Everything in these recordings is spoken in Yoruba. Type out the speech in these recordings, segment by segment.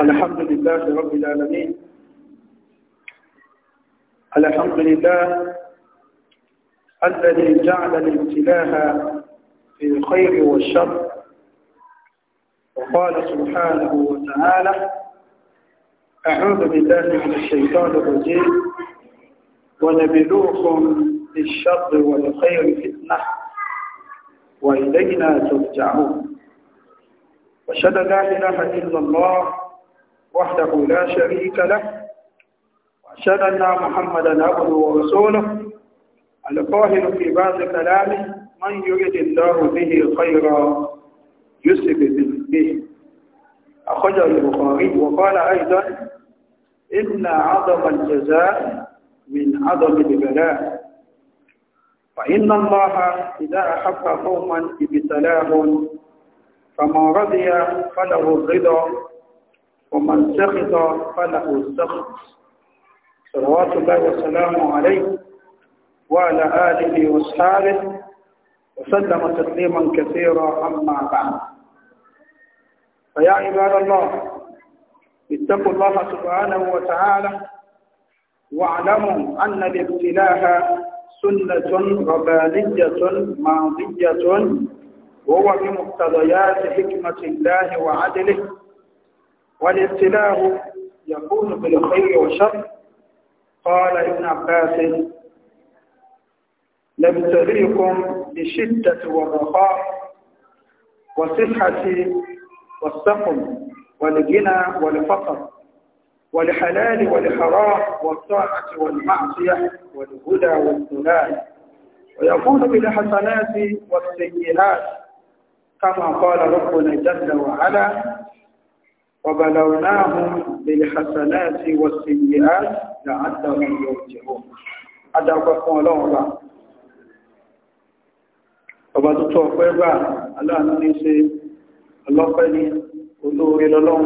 الحمد لله رب العالمين الحمد لله الذي جعل الابتلاء في الخير والشر وقال سبحانه وتعالى أعوذ بالله من الشيطان الرجيم ونبلوكم بالشر والخير فتنة وإلينا ترجعون وشهد لا إله إلا الله وحده لا شريك له وأشهد أن محمدا عبده ورسوله القاهر في بعض كلامه من يريد الله به خيرا يسب به أخرجه البخاري وقال أيضا إن عظم الجزاء من عظم البلاء فإن الله إذا أحب قوما ابتلاهم فما رضي فله الرضا ومن سخط فله السخط صلوات الله وسلامه عليه وعلى آله وأصحابه وسلم تسليما كثيرا أما بعد فيا عباد الله اتقوا الله سبحانه وتعالى واعلموا أن الابتلاء سنة ربانية ماضية وهو بمقتضيات حكمة الله وعدله والابتلاء يكون بالخير والشر قال ابن عباس نبتليكم بشدة والرخاء والصحة والسقم والغنى والفقر والحلال والحرام والطاعة والمعصية والهدى والضلال ويكون بالحسنات والسيئات كما قال ربنا جل وعلا وبلوناهم بالحسنات والسيئات لعلهم يرجعون adàpẹ́ fún ọlọ́run bá ọba tó tó ọpẹ́ bá aláàánú ní ṣe ọlọ́pẹ́ ní olóore lọ́lọ́run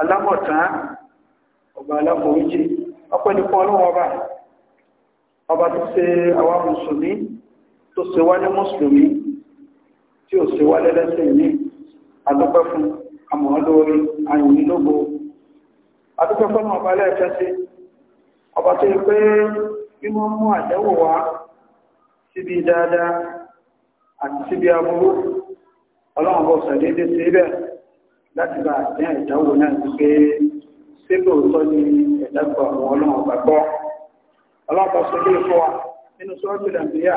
alámọ̀tá ọba aláforíjì ọpẹ́ ní fún ọlọ́run ọba ọba tó ṣe àwa àmọ́ lórí ayò nílògbò àdúgbò fọ́nà ọba lẹ́ẹ̀kẹ́ sí ọba tó yẹ pé bí wọ́n mú àjẹ́wò wá síbi dáadáa àti síbi aburú ọlọ́run bọ̀ sàdédé sí ibẹ̀ láti bá àjẹ́ ìdáwò náà ti pé sí lóòótọ́ ni ẹ̀dàgbọ̀ àwọn ọlọ́run ọba gbọ́ ọlọ́run bọ̀ sọ ilé fọ́ wa nínú sọ́ọ́tù nàìjíríà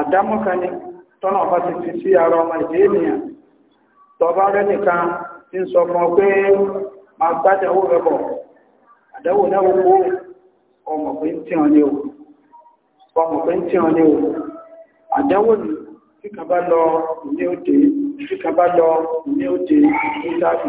àdámọ́ka ni tọ́nà ọba ti fi sí ara ọmọ ìdí ènìyàn tọba rẹ nìkan ti ń sọ fún ọ pé máa gbájáwó rẹ bọ̀ àdáwò náà wò ọmọ pé ń tí ọ ní o ọmọ pé ń tí o àdáwò ni tí kan bá lọ ní òde tí kan bá lọ ní òde ní láti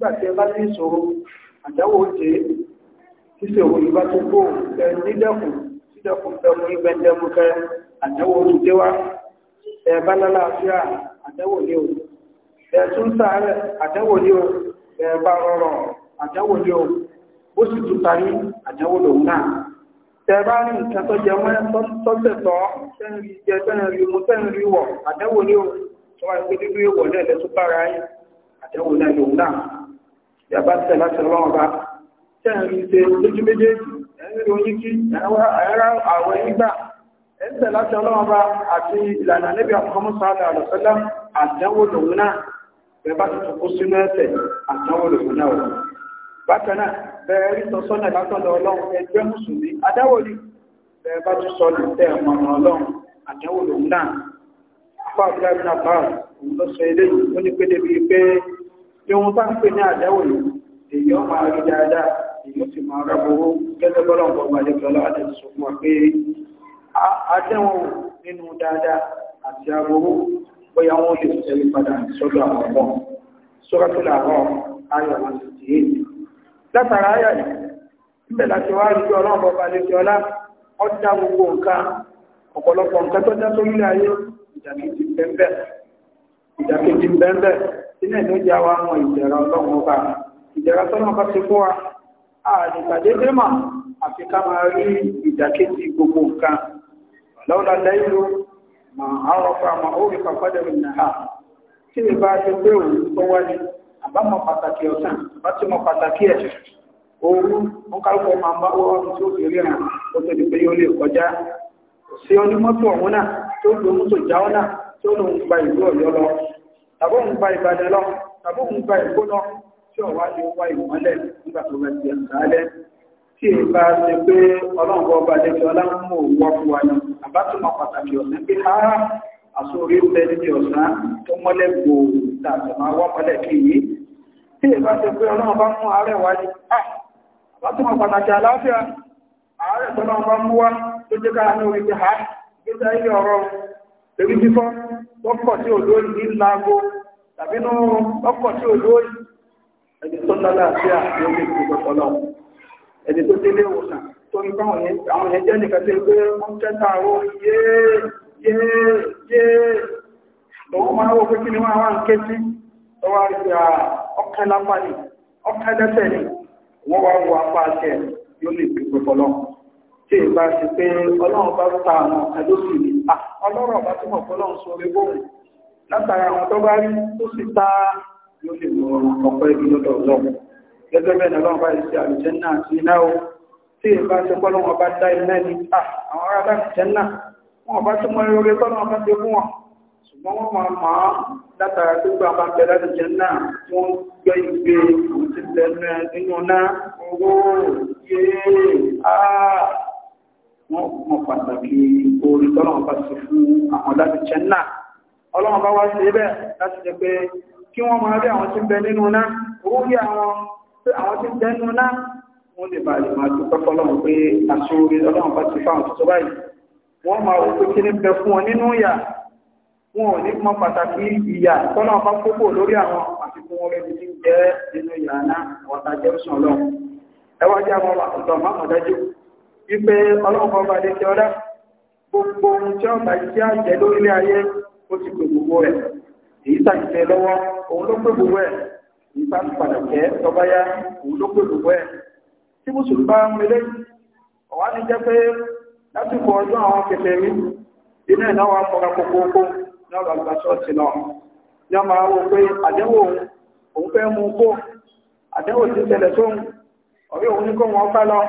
nígbà tí ní ìṣòro àjáwò jẹ́ títẹ̀ òun ìbá tó kó nídẹ̀kùn sídẹ̀kùn fẹ́mú ìgbẹ́ndẹ́mú fẹ́ àjáwò oṣù dé wá ẹ lálàáfíà àjáwò ní o ẹ tún nǹkan tó jẹ mọ́ tọ́tẹ̀ tẹ́rì jẹ tẹ́rì mú tẹ́rì wọ̀ àjáwò ní o tó wáyé pé lẹ́tún bára yín àjáwò náà lòun náà yàbá tẹ̀ láti ọlọ́run bá tẹ́rin ṣe lójú méjèèjì ẹ̀rin oyin kí ẹ̀rọ àwọ̀ ìgbà ẹ̀ńtẹ̀ láti ọlọ́run bá àti ìlànà níbi àkọ́mọ́ sáàdà àlọ́sọ́lá àdánwò lòun náà bẹ́ẹ̀ bá ti tukú sínú ẹ̀sẹ̀ àdánwò lòun náà wọ̀ bákan náà bẹ́ẹ̀ rí sọ sọ́nà látọ̀dọ̀ ọlọ́run ẹgbẹ́ mùsùlùmí adáwò ni bẹ́ẹ̀ bá tún sọ ohun tá ń pè ní àdáwò yìí èyí ó máa rí dáadáa èyí ó sì máa rábowó gẹ́gẹ́ bọ́lá ọ̀pọ̀ gbàdégbọ́lá àti ìsọ̀kùn pé àdéhùn nínú dáadáa àti agbowó bóyá wọn lè tẹ̀lé padà sọ́dọ̀ àwọn ọmọ sọ́dọ̀ tó làwọn ayọ̀ wọn sì tì í. látara ayọ̀ yìí níbẹ̀ láti wá rí ọlọ́run bọ́ba lẹ́sí ọlá wọ́n dá gbogbo tó dá ayé ìdàkejì bẹ́ẹ̀ sílẹ̀ ló jẹ́ wa mọ ìjẹ̀rọ ọlọ́run ọba ìjẹ̀rọ tọ́nà bá ti fún wa àdìpàdédé mà àfi ká máa rí ìdàkejì gbogbo nǹkan lọ́la lẹ́yìnló mà àrọ́fà mà ó rí pàpàdé nàá tí ì bá ti pé òun tó wá ní àbámọ̀ pàtàkì ọ̀sán bá ti mọ pàtàkì ẹ̀ ooru wọn kálukọ máa ń bá ọrùn tí ó fi ríran gba ìlú ọ̀yọ́ lọ tàbí òun gba ìbàdàn lọ tàbí òun gba ìkó lọ tí ọ̀wá ni ó wá ìmọ́lẹ̀ nígbà tó bá ti àṣálẹ́ tí ì bá ṣe pé ọlọ́run ọba àdéjọ lámú òwúwọ́ fún wa náà àbá tó mọ pàtàkì ọ̀sán pé á àsórí ń bẹ níbi ọ̀sán tó mọ́lẹ̀ gbòòrò tàbí máa wọ́ mọ́lẹ̀ kì í tí ì bá ṣe mú àárẹ̀ wá ní àbá ní tọ́pọ̀ tí ò lórí ní lago tàbí nú tọ́pọ̀ tí ò lórí ẹni tó lọ́lá àti àyọ̀ lè fi lọ́pọ̀ lọ ẹni tó délé ìwòsàn tó ń báwọn yẹn àwọn yẹn jẹ́ nìkan tó gbé wọ́n tẹ́ta àwọ̀ yé yé yé lọ́wọ́ máa wọ́n pé kí ni wọ́n wá ń ké sí lọ́wọ́ àti ọkẹ́ lápá ni ọkẹ́ lẹ́sẹ̀ ni wọ́n wá wọ apá àṣẹ yóò lè fi lọ́pọ̀ tí ì bá pé ọlọ́run bá ta àwọn ẹlòsìn ọlọ́rọ̀ bá túnmọ̀ fọ́lọ́ sọ rẹ̀gbọ́ látara àwọn tó bá rí tó sì ta yóò lè mọ ọ̀pọ̀ ibi lọ́dọ̀ ọlọ́run gẹ́gẹ́ bẹ́ẹ̀ ni ọlọ́run bá ti ṣe àlùjẹ́ náà sí iná o tí ìbá ti pọ́ lọ́wọ́ bá dá iná ni àwọn ará bá ti jẹ́ náà wọn bá túnmọ̀ lórí tọ́lọ́run bá ti fún wọn ṣùgbọ́n wọ́n máa wọ́n mọ̀ pàtàkì orí tọ́lọ́wọ́n bá ṣe fún àwọn láti jẹ́ náà ọlọ́wọ́n bá wá sí ibẹ̀ láti jẹ́ pé kí wọ́n máa rí àwọn tí ń bẹ nínú náà owó rí àwọn tí ń bẹ nínú náà wọ́n lè bàálì máa dúpẹ́ fọ́lọ́wọ́n pé àṣọ orí ọlọ́wọ́n bá ti fáwọn tuntun báyìí wọ́n máa wọ́n pé kí ní bẹ fún wọn nínú ìyà wọn ò ní mọ̀ pàtàkì ìyà tọ́lọ́wọ́n bá kókò lórí àwọn àfikún orí ti jẹ́ nínú ìyà náà ọ̀tá jẹ́rùsùn ọlọ́run ẹwà jẹ́ àwọn ọ̀tọ̀ máa mọ̀ dájú wípé ọlọ́pàá bá dé tí ọdá gbogbo ohun tí ọba jẹ́ àjẹ́ lórílẹ̀ ayé ó ti pè gbogbo ẹ̀ èyí tàbí lọ́wọ́ òun ló pè gbogbo ẹ̀ èyí tàbí padà jẹ́ tọba yá òun ló pè gbogbo ẹ̀ tí mùsùlùmí bá ń relé ọ̀wá ní jẹ́ pé lásìkò ọdún àwọn kẹfẹ́ rí inú ẹ̀ náà wà fọ́ra kókókó náà lọ gba ṣọ́ọ̀tì náà ní ọmọ àwọn pé àdẹ́wò òun fẹ́ mú kó àdẹ́wò ti ṣẹlẹ̀ sóhun ọ̀rẹ́ òun ní kó wọn bá lọ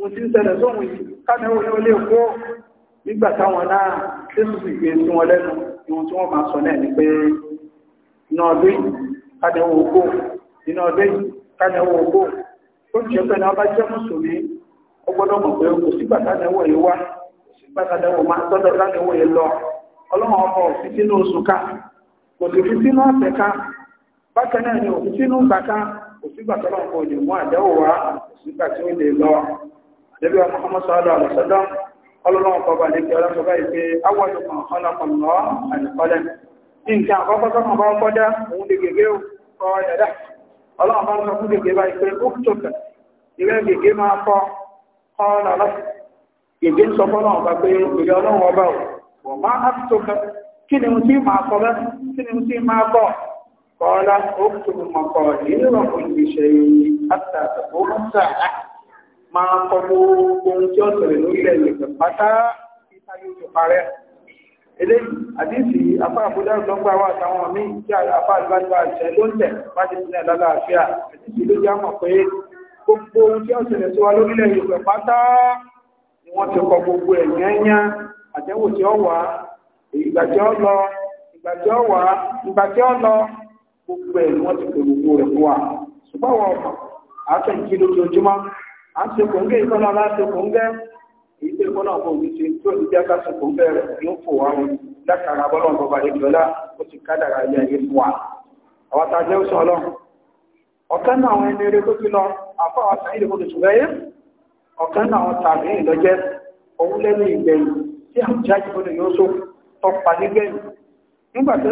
mo ti ń ṣẹlẹ̀ sóhun yìí káàkiri ó lé kó nígbà táwọn náà sì gbé wọn lẹ́nu sọ náà ni pé iná ọdún káàkiri ó iná ọdún káàkiri jẹ́ náà bá jẹ́ mùsùlùmí mọ̀ pé kò kò máa tọ́jọ́ sínú kò sínú náà ni sínú kò tí ó lè lọ Nabi Muhammad sallallahu alaihi wasallam ọlọ́run kọba ní kí ọlọ́run sọba ìpé awọ́dùkan ọlọ́pọ̀lọ́ àìkọ́lẹ̀. nǹkan àkọ́kọ́ sọ́kàn bá kọ́dá òun lè gègé kọ́ dada ọlọ́run bá sọ fún gègé bá ìpé ókùtòkà ìrẹ́ gègé máa kọ́ ọ̀rọ̀ lọ gègé ń sọ fọ́lọ́run bá pé ìrẹ́ ọlọ́run ọba ò wọ́n máa ákùtòkà kí ni máa kọ gbogbo ohun tí ó ṣẹlẹ̀ lórílẹ̀ ìlẹ̀ pátá ìtàgé oṣù parẹ́ eléyìí àdíìsì afá àbúdá ìlọ́gbà wà táwọn míì tí afá àdúgbà ìṣẹ́ ló ń tẹ̀ láti sílẹ̀ lálàáfíà àdíìsì ló já mọ̀ pé gbogbo ohun tí ó ṣẹlẹ̀ sí wa lórílẹ̀ ìlẹ̀ pátá ni wọ́n ti kọ gbogbo ẹ̀ yányá àtẹ́wò tí ó wà ìgbà tí ó lọ ìgbà tí ó wà ìgbà tí ó lọ gbogbo ẹ̀ wọ́n ti pè gbogbo rẹ̀ fún wa ṣùgbọ́n wọn àtẹ̀jí lójoojúmọ́ à ń ṣe kòńgẹ́ na aláṣẹ kòńgẹ́ èyí tó ìkọ́nà ọ̀pọ̀ òbí ṣe tó ti jẹ́ káṣẹ kòńgẹ́ rẹ̀ yóò fò wá wọn lákàrà bọ́lọ̀ bọ́ba ó ti ayé fún wa àwọn tá a jẹ́ sọ lọ ọ̀kan náà àwọn ẹni eré tó ti lọ àfáwà sáyé kò tún bẹ́yẹ ọ̀kan náà àwọn tàbí ìlọ́jẹ́ òun lẹ́nu ìgbẹ̀yìn tí àwọn jáde yóò tọpa nígbẹ̀yìn nígbà tó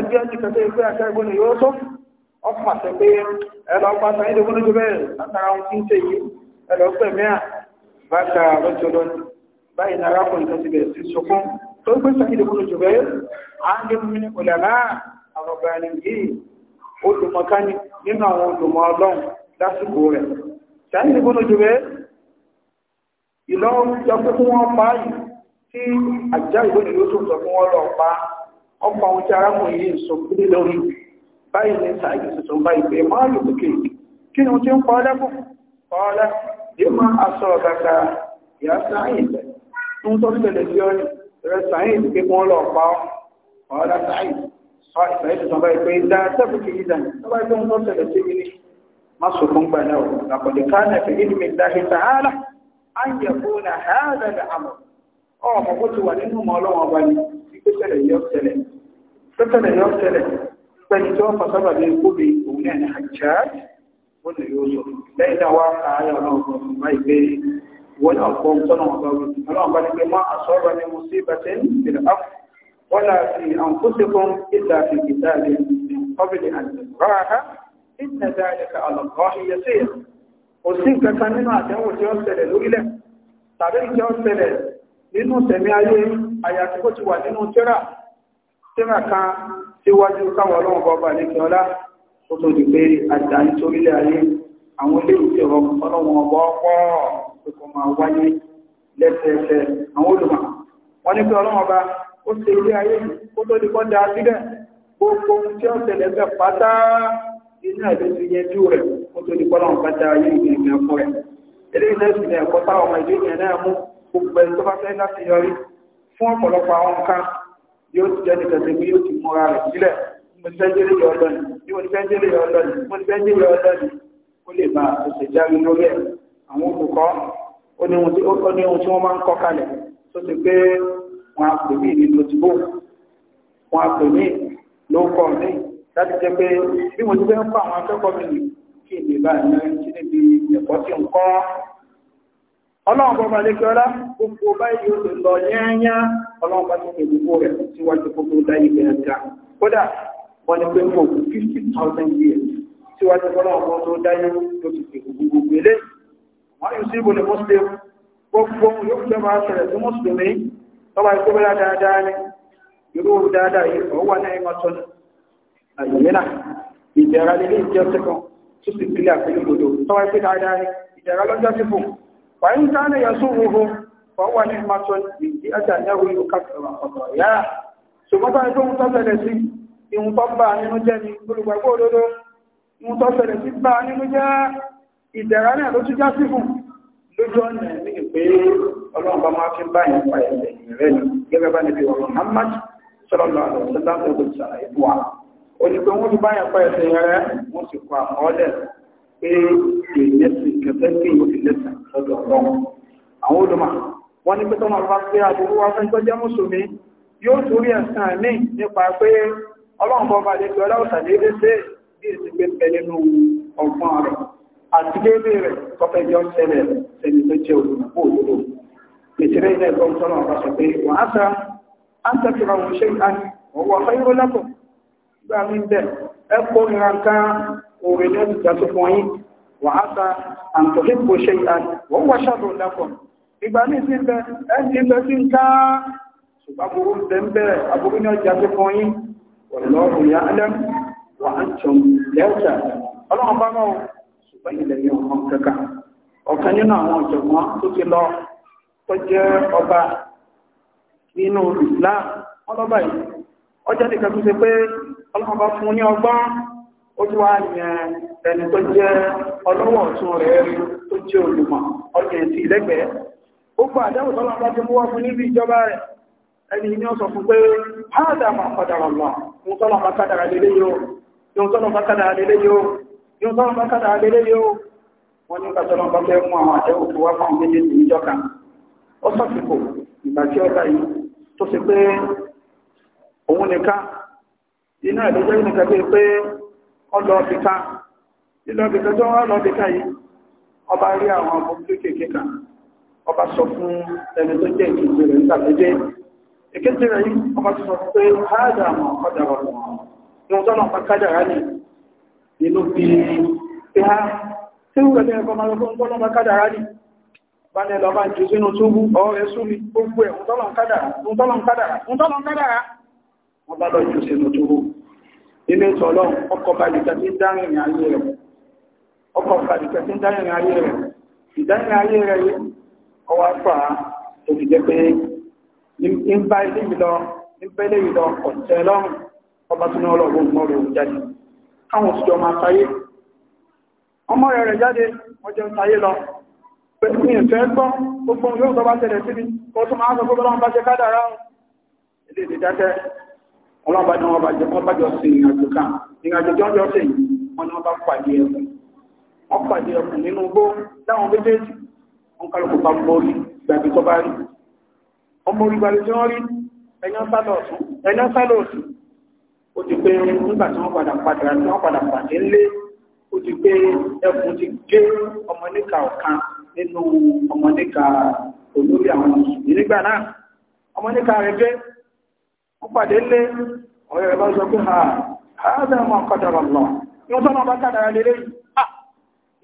yóò ẹlọ́pẹ̀ mẹ́à bá ta rọ́jọ́lọ́ báyìí nára kùn tó ti bẹ̀rẹ̀ sí sọkún tó ń pèsè ìdíkù lójú bẹ́ẹ̀ a ń dínú ní ọ̀làlá àrọ̀bàrin yìí olùmọ̀kání nínú àwọn olùmọ̀ ọlọ́run lásìkò rẹ̀ sáyìn ìdíkù lójú bẹ́ẹ̀ ìlọ́run jọ pé fún wọn pa yìí tí àjá ìwọ́n ìlú tó sọ fún wọn lọ pa ọkọ̀ àwọn tí báyìí ní sáyìn ìsìsọ báyìí pé máa lò kí ni wọ́n ti ń pa ọlẹ́kùn pa ọlẹ́kùn ìmọ̀ aṣọ ọ̀gàgà ìyá sáyẹ̀nsì ń tọ́ tẹ̀lé sí ọ́ rẹ sáyẹ̀nsì pé wọ́n lọ pa ọ́ ọ̀dà sáyẹ̀nsì ọ̀ ìsáyẹ̀nsì tó bá ìpè dá sẹ́fù kìí dà tó bá ìpè ń tọ́ tẹ̀lé sí mi ní má sọ fún gbà náà làkọ̀dé káàdà fi ìlú mi dáhì sàhálà á ń yẹ fún ó lè yóò sọ lẹ́yìn náà wá ka ayé ọlọ́run kan fún báyìí pé wọ́n náà kọ́ ohun tọ́nà wọn bá wí ọlọ́run bá ní pé má àsọ́rọ̀ ni mo sí bàtẹ́ ìrẹ̀ áfù wọ́n náà fi àǹkóṣe fún ìta fi ìta lè kọ́bìlì àti ráha ìtẹ̀dá ẹ̀ka ọ̀lọ́kọ́ ìyẹsẹ̀ kò sí nǹkan nínú àdéhùn tí ó ṣẹlẹ̀ lórílẹ̀ tàbí tí ó ṣẹlẹ̀ nínú tẹ̀mí ayé àyàtí ti wà nínú tírà tírà kan síwájú káwọn ọlọ́run bọ́ba ní kí ọlá ó tó di pé àjà nítorílẹ̀ ayé àwọn ilé ìwé ọ̀rọ̀ ọlọ́wọ́n ọgbọ́ pọ̀ pé kò máa wáyé lẹ́sẹẹsẹ àwọn olùmọ̀ wọ́n ní pé ọlọ́wọ́n ọba ó ṣe ilé ayé ó tó di kọ́dá sílẹ̀ gbogbo ohun tí ó ṣẹlẹ̀ fẹ́ pátá inú ẹ̀ ló ti yẹjú rẹ̀ ó tó di kọ́lọ́wọ́n pátá ayé ìgbìmọ̀ ẹ̀kọ́ rẹ̀ eléyìí lẹ́sìn ní ẹ̀kọ́ táwọn ọmọ ìlú mo ti fẹ́ jẹ́lé yọ ọlọ́ni tí mo ti fẹ́ jẹ́lé yọ ọlọ́ni mo ti fẹ́ jẹ́lé yọ ọlọ́ni ó lè bá àtúnṣe jáwé lórí ẹ̀ àwọn olùkọ́ ó ní ohun tí wọ́n máa ń kọ́ kalẹ̀ tó ti pé wọ́n á pè mí ní lójúbò wọ́n á pè mí ló kọ́ mi láti jẹ́ pé bí mo ti fẹ́ ń kọ́ àwọn akẹ́kọ̀ọ́ mi nì kí èdè bá ìyá ti níbi ẹ̀kọ́ tí ń kọ́ ọlọ́run bọ́ba lè kíọ́lá gbogbo báyìí yóò lè lọ yẹ́nyá ọlọ́run bá wọ́n ní pé fún òkú fifty thousand years tí wọ́n ti fọ́nà ọmọ tó dáyé tó ti pè gbogbo gbélé wọ́n yóò sí ibò ní muslim gbogbo yóò fẹ́ máa ṣẹlẹ̀ sí mùsùlùmí tọ́ba ikú bẹ́lá dáadáa ni irú dáadáa yìí ó wà ní ìmọ̀tọ́ àyẹ̀mínà ìdẹ̀ra lè ní ìjẹ́ sẹ́kọ̀n tó sì kílẹ̀ àpẹẹrẹ gbogbo tọ́ba ikú dáadáa ni ìdẹ̀ra lọ́jọ́ sí fún wàyí ń tánà yà sún wúwo fọwọ́ ní ìmọ̀tọ́ ìdí àjà náà wíwú káfíńtà ọ̀pọ̀ yá ṣùgbọ́n tó ń tọ́ ìhun tó bá nínú jẹ́ ni olùgbàgbọ́ òdodo ìhun tó bẹ̀rẹ̀ sí bá nínú jẹ́ ìdẹ̀ra náà ló tún já sí fún lójú ọ̀nà ní ìpé ọlọ́run bá máa fi bá yẹn rẹ̀ gẹ́gẹ́ bá níbi ọ̀rọ̀ Muhammad sọ́lọ́lọ́ àlọ́ sọ́dáńtò kò ọlọ́run bọ́ bá lè tọ́lá òsà lédè sí bí èsì pé pẹ̀lẹ́ nínú ọgbọ́n rẹ̀ àti déédé rẹ̀ kọfẹ́ jọ ṣẹlẹ̀ sẹ́ni tó jẹ́ olùkọ́ òdodo ìṣẹ̀lẹ̀ ilẹ̀ ẹ̀kọ́ tọ́lá ọba sọ pé wọ́n á sa á ń tẹ́kìrọ àwọn ṣe ìhàn ọwọ́ afẹ́yìnró lápò gbá mi bẹ̀ ẹ kó sí ọlọ́run ya lẹ́m wà á tún lẹ́ọ̀tà ọlọ́run bá mọ́ ṣùgbọ́n ilẹ̀ yẹn ọmọ kankan ọ̀kan nínú àwọn ọ̀jọ̀gbọ́n tó ti lọ tó ọba nínú Islam ọlọ́ba yìí ọjọ́ nìkan tó ṣe pé ọlọ́run bá fún ní ọgbọ́n ó ti wá yẹn ẹni tó jẹ́ ọ̀tún rẹ̀ tó jẹ́ olùmọ̀ àdáwò tọ́lọ́ ẹni ní ọ̀sọ̀ fún pé hádà máa kọ̀dàrà lọ yóò tọ́lọ̀ bá kádàrà lélé yóò yóò tọ́lọ̀ bá kádàrà lélé yóò yóò tọ́lọ̀ bá kádàrà lélé yóò wọ́n ní kàtọ́lọ̀ bá fẹ́ mú àwọn àjẹ́wò tó wá fáwọn méjì ní ìjọka ó sọ̀tìkò ìgbà tí ọ̀dà yìí tó sì pé òun nìkan iná ìlójẹ́ nìkan bí pé ọlọ ọ̀fìka ilé ọ̀fìka tó wá lọ ọ̀fìka yìí ọba rí àwọn ọmọ kéékèèké kan ọba sọ fún ẹni tó jẹ́ ìtìjú rẹ̀ nígbà tó jẹ́ ìkéjì rẹ̀ yìí ọba ti sọ pé hádà mọ̀ ọ̀dà wà ní wọn tọ́nà ọ̀pá kádàrá ní ìlú fi pé ha tí ó rẹ̀ ẹ̀kọ́ máa lọ́gbọ́n tọ́nà ọ̀pá kádàrá ní bá ní ẹlọ́bá jù sínú túbú ọ̀rẹ́ súnmi gbogbo ẹ̀ tọ́nà kádàrá wọ́n bá lọ jù sínú túbú ilé ìtọ́lọ́ ọkọ̀ balìkà tí ń dárìnrìn ayé rẹ̀ ọkọ̀ balìkà tí ń dárìnrìn ayé rẹ̀ ń bá ilé yìí lọ ń bá ilé yìí lọ ọ̀tẹ̀ lọ́rùn ọba tó ní ọlọ́run mọ́ rẹ̀ jáde káwọn òṣìṣẹ́ ọmọ àtayé ọmọ rẹ̀ rẹ̀ jáde wọ́n jẹun tayé lọ pẹ̀lú ní ìfẹ́ gbọ́ gbogbo yóò tọ́ bá tẹ̀lẹ̀ síbi kó tó máa sọ gbogbo ọlọ́run bá ṣe kádàrá ilé ìdè dákẹ́ ọlọ́run bá ní wọn bá jẹ wọn bá jọ sí ìrìnàjò kan ìrìnàjò jọ jọ sí ọmọ orígbàrí tí wọ́n rí ẹ̀yán sálọ̀ ọ̀tún ó ti pé nígbà tí wọ́n padà padà tí wọ́n padà pàdé lé ó ti pé ẹkùn ti gé ọmọ níka ọ̀kan nínú ọmọ níka olórí àwọn mùsùlùmí nígbà náà ọmọ níka rẹ̀ gé wọ́n pàdé lé ọ̀rẹ́ rẹ̀ bá sọ pé ha ha bẹ́ẹ̀ mọ́ kọ́dọ̀rọ̀ lọ wọ́n tọ́nà bá kádàrà lélẹ́ yìí ah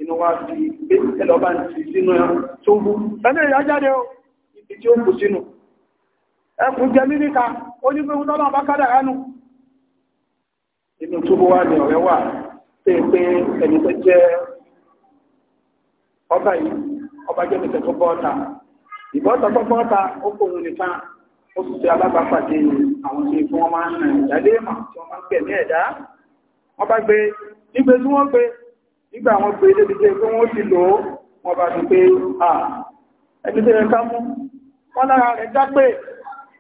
inú wa fi gbé ẹlọ́bá ti sínú ẹ̀ tó wú ẹni ìyá jáde ó ibi tí ó kù sínú ẹkùn jẹ mímíka onígbéhun tọ́lọ́ bá kádàrá nù inú túbú wá ní ọ̀rẹ́ wà pé pé ẹni tó jẹ́ ọba yìí ọba jẹ́ mi tẹ̀tọ́ bọ́ọ̀ta ìbọ́ta tó bọ́ọ̀ta ó kòrò nìkan ó sì ṣe alábàápàdé àwọn tí fún wọn máa ń rìn ìdálé mà tí wọn máa ń gbẹ̀mí ẹ̀dá wọn bá gbé nígbè tí wọ́n gbé nígbà wọn gbé débi pé wọ́n ti lò ó wọn bá ti pé ẹni tó yẹ ká mú wọn lára rẹ̀ já pé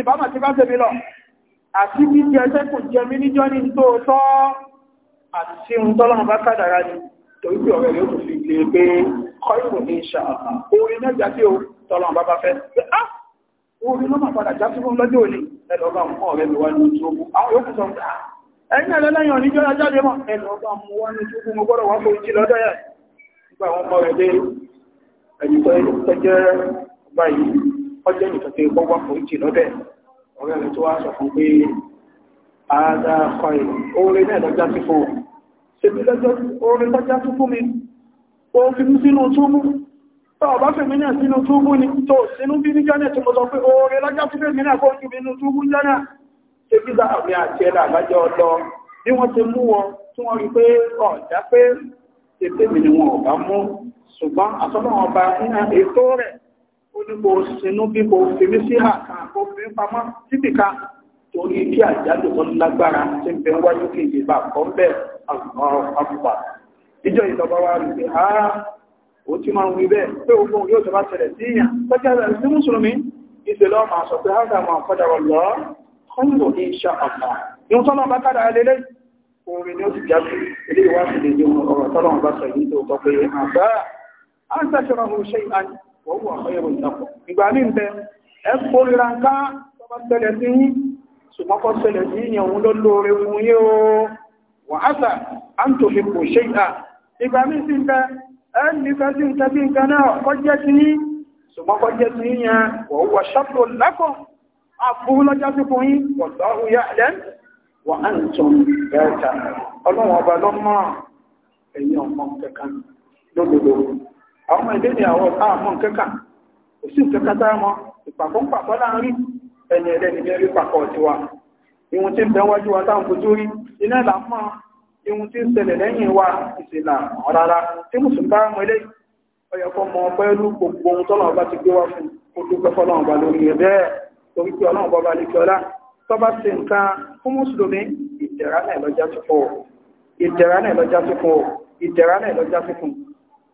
ìbámà ti bá tẹ̀mí lọ àti bí jẹ ẹsẹ́ kò jẹ mí níjọ́ ní tóótọ́ àti sí ohun tọ́lọ́run bá kádàrá ni torí pé ọ̀rẹ́ yóò fi lè pé kọ́ìkò ní ìṣà orin náà o tọ́lọ́run bá bá fẹ́ ah! orin náà padà jáde fún lọ́jọ́ òní ẹlọ́gbà mú ọ̀rẹ́ ah! báyìí ọjọ́ nìkan pé gbọ́gbà foríjì lọ́dẹ̀ ọ̀rẹ́ rẹ̀ tó wá sọ fún pé àádá kọ ìlú oore náà lọ́já sí fún òun ṣèbí oore lọ́já sí fún mi ó fi mú sínú túbú tó ọ̀bá fèmí náà sínú túbú ni tó sínú bí ní jọ́nà tó mọ́sọ pé oore lọ́já sí fèmí náà kó jùmí inú túbú jọ́nà ṣèbí bá àmì àti ẹ̀là àbájọ rẹ̀ onígbò sinú bíbo fèmí sí àkà obìnrin pamọ́ síbìkà torí kí àjálù tó lágbára tí ń bẹ wájú kí ìgbà kan bẹ́ẹ̀ àwọn àpùpà ìjọ ìjọba wa rí pé ha ó ti máa ń wí bẹ́ẹ̀ pé ogun yóò tọ́ba tẹ̀lẹ̀ sí ìyàn tọ́jà rẹ̀ sí mùsùlùmí ìṣẹ̀ lọ́ máa sọ pé hágà máa fọ́dà rọ̀ lọ́ kọ́ńgò ní iṣẹ́ ọ̀pọ̀ ìhun tọ́lọ́ bá kádà lélẹ́ orin ni ó ti jáde ilé ìwádìí lè jẹun ọ̀rọ̀ tọ́lọ́ bá sọ yìí tó kọ́ pé àbá àǹtàṣọ́rọ̀ ṣe ìhàn wọ́n wà ọ̀yẹ̀wò ìtàkọ̀ ìgbà ní ìbẹ ẹ kórira ká tọ́ba tẹ́lẹ̀ sí yín o wàhásà à ń tòfin kò ṣe ìhà ìgbà ní sí ìbẹ ẹ nífẹ̀ẹ́ sí nǹkan bí nǹkan náà kọ́ jẹ́ sí yín ṣùgbọ́n kọ́ jẹ́ sí yín ọlọ́run ọba lọ́mọ́ ẹ̀yìn ọmọ kẹkàn lódodo àwọn èdè ni àwọn ọ̀tá àmọ́ kẹ́kà kò sí ìkẹ́kà tá mọ́ ìpàkọ́ pàkọ́ láàrin ẹni ẹlẹ́ni ní ẹrí pàkọ́ ti wa ìwọ̀n tí ń bẹ wájú wa táwọn fojú rí iná là ń mọ́ ìwọ̀n tí ń ṣẹlẹ̀ lẹ́yìn wa ìṣẹ̀là ọ̀rara tí mùsùlùmí bá mọ́ eléyìí ọyọ̀kọ́ mọ pẹ́lú gbogbo ohun tọ́lọ̀ ọba ti gbé wá fún kó dúpẹ́ fọ́lọ́run ọba náà lọ́jà tó fún fún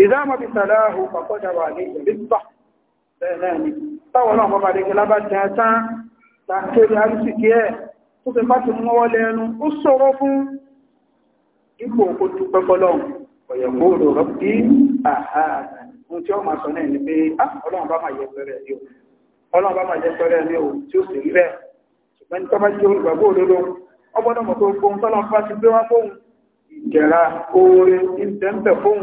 إذا ما بسلاه فقد عليه بالضع ثاني طوال ما بعد كلا بعد جاتا تأكل على سكية تبقى تموالين أسرف ipò kò dúpẹ́ fọlọ́run ọ̀yẹ̀kóòrò rọ́bí àhàrà ohun tí ó máa sọ náà ni pé ah, ọlọ́run bá máa yẹ pẹ́rẹ́ ní o ọlọ́run bá máa yẹ pẹ́rẹ́ ní o tí ó sì rí rẹ̀ ṣùgbọ́n ní tọ́bá jẹ́ olùgbàgbọ́ òdodo ọgbọ́dọ̀ mọ̀ tó gbóhun tọ́lọ́run bá wá fóun ìjẹ̀ra oore ń tẹ́ńtẹ̀ fóun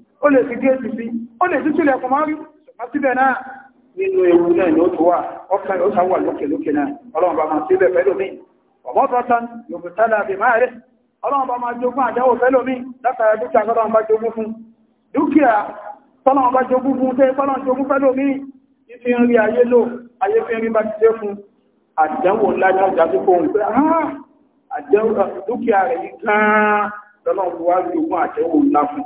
ó lè fi díẹ̀ sí ó lè títí lẹ̀kùn máa rí ṣùgbọ́n síbẹ̀ náà nínú ewu náà ni ó tó wà ọkàn ó sáwà lókè lókè náà ọlọ́run bá máa síbẹ̀ fẹ́lò mí ọmọ tọ́tàn yòókù tálà bí máa rẹ̀ ọlọ́run bá máa jogún àjáwò fẹ́lò mí látara dúkìá tọ́lọ́run bá jogún fún dúkìá tọ́lọ́run bá jogún fún tẹ́ tọ́lọ́run jogún fẹ́lò mí fi ń rí ayé lò ayé fi ń rí bá ti dé fún àdánwò ńlá ní ọjà tó kó ń pẹ́ dúkìá rẹ̀ yìí gan-an lọ́lọ́run wá rí ogún ńlá fún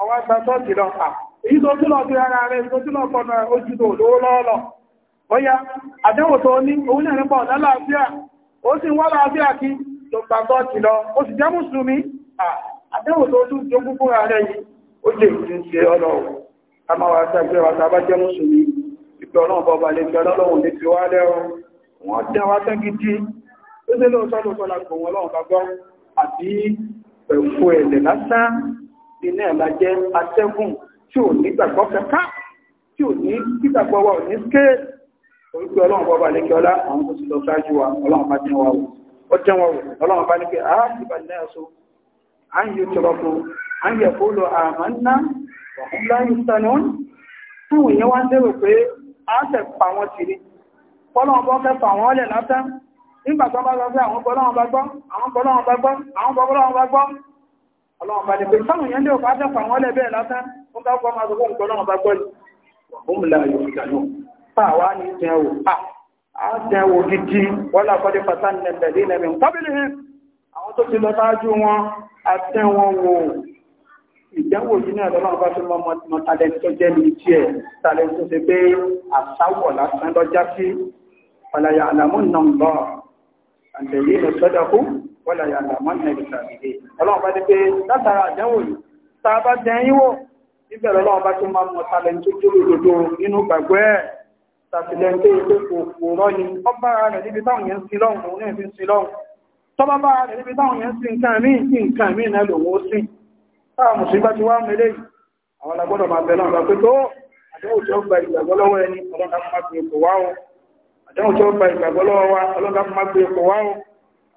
ọwọ́ ẹgbà tọ́ọ̀tì lọ à èyí tó túnlọ sí ara rẹ̀ tó túnlọ pọ̀nà ojú tó lówó lọ́ọ̀lọ̀ bóyá àdéhò tó ní òun náà nípa ọ̀nà láàbíà ó sì ń wá láàbíà kí tó gbà tọ́ọ̀tì lọ ó sì jẹ́ mùsùlùmí àdéhò tó tún jó gbogbo rẹ̀ yìí ó lè fi ṣe ọ̀nà ọ̀hún a máa wá sàgbé wa tàbá jẹ́ mùsùlùmí ìpẹ́ ọlọ́run bọba lè jẹ́ ọlọ́run lè fi wá lẹ́rọ wọ́n jẹ́ wá tán gidi ó sì lóòótọ́ lóòótọ́ la gbọ̀n ọlọ́run bá gbọ́ àbí ẹ̀fọ́ ẹ̀lẹ̀ lásán iná ẹ̀ la jẹ́ atẹ́gùn tí ò ní gbàgbọ́ kẹta tí ò ní gbígbàgbọ́ wa ò ní ké orúkọ ọlọ́run bọ́ bá lékè ọlá àwọn tó ti lọ ṣáájú wa ọlọ́run bá jẹ́ wa wò ó jẹ́ wa wò ọlọ́run bá ní pé a ti bá nílẹ̀ ẹ̀sọ́ a tẹ̀ pa wọn tì ní ọlọ́run ọlọ́run bá ní pé sáwọn èèyàn lè ọ̀pá dẹ́fà wọn lẹ́bẹ̀ẹ́ lásán fún bá gbọ́ máa sọ fún ìgbọ́nà ọba gbọ́lì òun là yóò gbà náà fáà wá ní ìtẹ̀ wò á tẹ̀ wò gidi wọ́n là kọ́ dé pàtà ní ẹ̀lẹ́dẹ́ ilẹ̀ mi tábìlì hìn àwọn tó ti lọ sáájú wọn á tẹ̀ wọn wò ìdánwò yìí náà lọ́nà bá fi mọ talent tó jẹ́ ní tiẹ̀ talent tó ṣe pé àsáwọ̀ lásán lọ́jà sí ọ̀làyà àlàmú nà ń bọ̀ àtẹ̀yìn wọ́n yà àmọ́ nẹ̀bí sàmìlẹ̀ ọlọ́run bá dé pé látara àdánwò yìí a bá dẹ̀yìn wò níbẹ̀ lọ́lọ́run bá tún máa mọ talẹ̀ tó dúró dodo nínú gbàgbọ́ ẹ̀ sàtìlẹ́yìn tó yẹ pé kò pòórọ́ ni ọ bá ara rẹ̀ níbi táwọn yẹn ń sin lọ́hùn òun náà fi ń sin lọ́hùn tó bá bá ara rẹ̀ níbi táwọn yẹn ń sin nǹkan míì sí nǹkan míì náà lòun ó sìn táwọn mùsùlùmí bá ti wá mẹ́lẹ̀ yìí àwọn alágbọ́dọ̀ máa bẹ̀ náà lọ tó àdéhùn tí ó gba ìgbàgbọ́ ẹni ọlọ́dà fún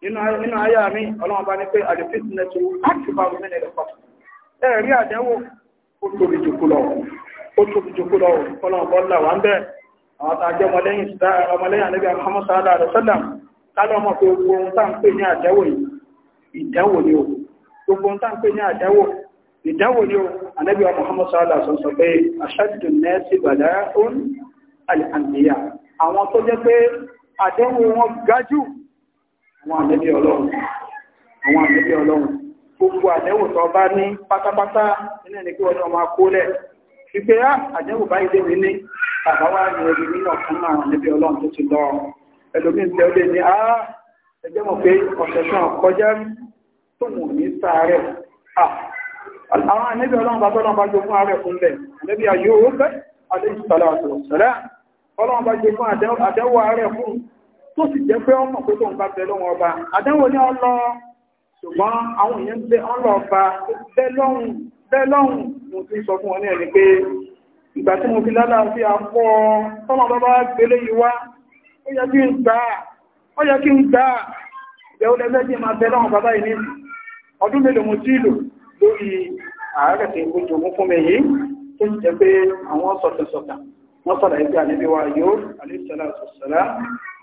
nínú ayá mi ọlọ́wọ́n bá ní pé àdìfíìsìnẹ̀tì láti bá omi nílẹ̀ pàtó ẹ̀rí àdẹ́wò ó tóbi jùkú lọ ó tóbi jùkú lọ ọlọ́wọ́n bọ́ là wá ń bẹ́ àwọn tàjẹ́ ọmọlẹ́yìn ọmọlẹ́yìn alẹ́bí Muhammad sallallahu alaihi wasallam kálọ̀ ọmọ pé gbogbo ohun tá ń pè ní àdẹ́wò ìdẹ́wò ni o gbogbo ohun tá ń pè ní àdẹ́wò ìdẹ́wò ni o Muhammad sallallahu alaihi wasallam sọ pé ashaddu an-nasi bala'un al-anbiya àwọn tó jẹ́ pé àdẹ́wò wọn ga àwọn ànẹ́bí ọlọ́run àwọn ànẹ́bí ọlọ́run gbogbo àdẹ́wò tó bá ní pátápátá nínú ẹni kí wọ́n náà máa kó lẹ̀ wípé á ah, àdẹ́wò bá ilé mi ní bàbá wá ní ẹbí nínú ọ̀kan náà ànẹ́bí ọlọ́run tó ti lọ ẹlòmíín tẹ́ ó lè ní á ah, ẹjẹ́ mọ̀ pé ọ̀sẹ̀ sàn kọjá tó mù ní sàárẹ̀ àwọn ànẹ́bí ọlọ́run bá tọ́lọ́run bá jogún ààrẹ fún bẹ̀ ànẹ́bí ayé owó bẹ́ adé ìsàlẹ̀ àtọ̀sẹ̀lẹ̀ ọlọ́run bá jogún àdẹ́wò ààrẹ fún tó sì jẹ́ pé ọmọ pé tó ń bá bẹ lọ́wọ́ ọba àdánwò ní ọlọ ṣùgbọ́n àwọn èèyàn bẹ ọlọ ọba bẹ lọ́hùn bẹ lọ́hùn mo ti sọ fún wọn ní ẹni pé ìgbà tí mo fi lálàá sí afọ tọ́mọ bàbá gbélé yìí wá ó yẹ kí n gbà ó yẹ kí n gbà ìbẹ̀wò lẹ́fẹ́ jẹ́ máa bẹ lọ́hùn bàbá yìí ní ọdún mélòó mo ti lò lórí ààrẹ tí ó jòmú fún mi yìí tó jẹ́ pé àwọn sọ̀tẹ̀sọ̀tà wọ́n sọ̀rọ̀ ẹgbẹ́ àníbíwá yóò àlẹ́sọ̀lá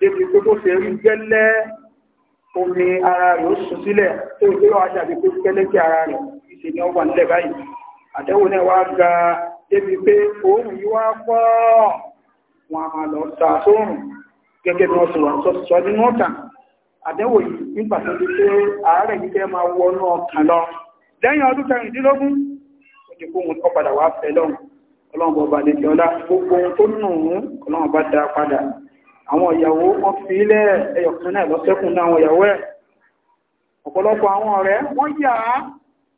débi pé bó ṣe rí gẹ́lẹ́ omi ara rẹ̀ ó sùn sílẹ̀ tó ìgbé wà ṣàbí pé gẹ́lẹ́ kí ara rẹ̀ ìṣe ni ó wà nílẹ̀ báyìí àtẹ́wò náà wá ga débi pé òórùn yìí wá pọ̀ wọn a máa lọ sa sóòrùn gẹ́gẹ́ bí wọ́n sì wà sọ nínú ọ̀tàn àtẹ́wò yìí nígbà tó ti pé ààrẹ yìí fẹ́ máa wọnú ọkàn lọ lẹ́yìn ọdún kẹrìndínlógún ó ti kó wọn padà wá fẹ́ lọ́hùn ọlọ́run bọ̀ balẹ̀ jọlá gbogbo ohun tó nù ún ọlọ́run bá dá padà àwọn ìyàwó wọ́n fi ilẹ̀ ẹyọ̀kan náà lọ́sẹ́kùn náà àwọn ìyàwó ẹ̀ ọ̀pọ̀lọpọ̀ àwọn ọ̀rẹ́ wọ́n yà á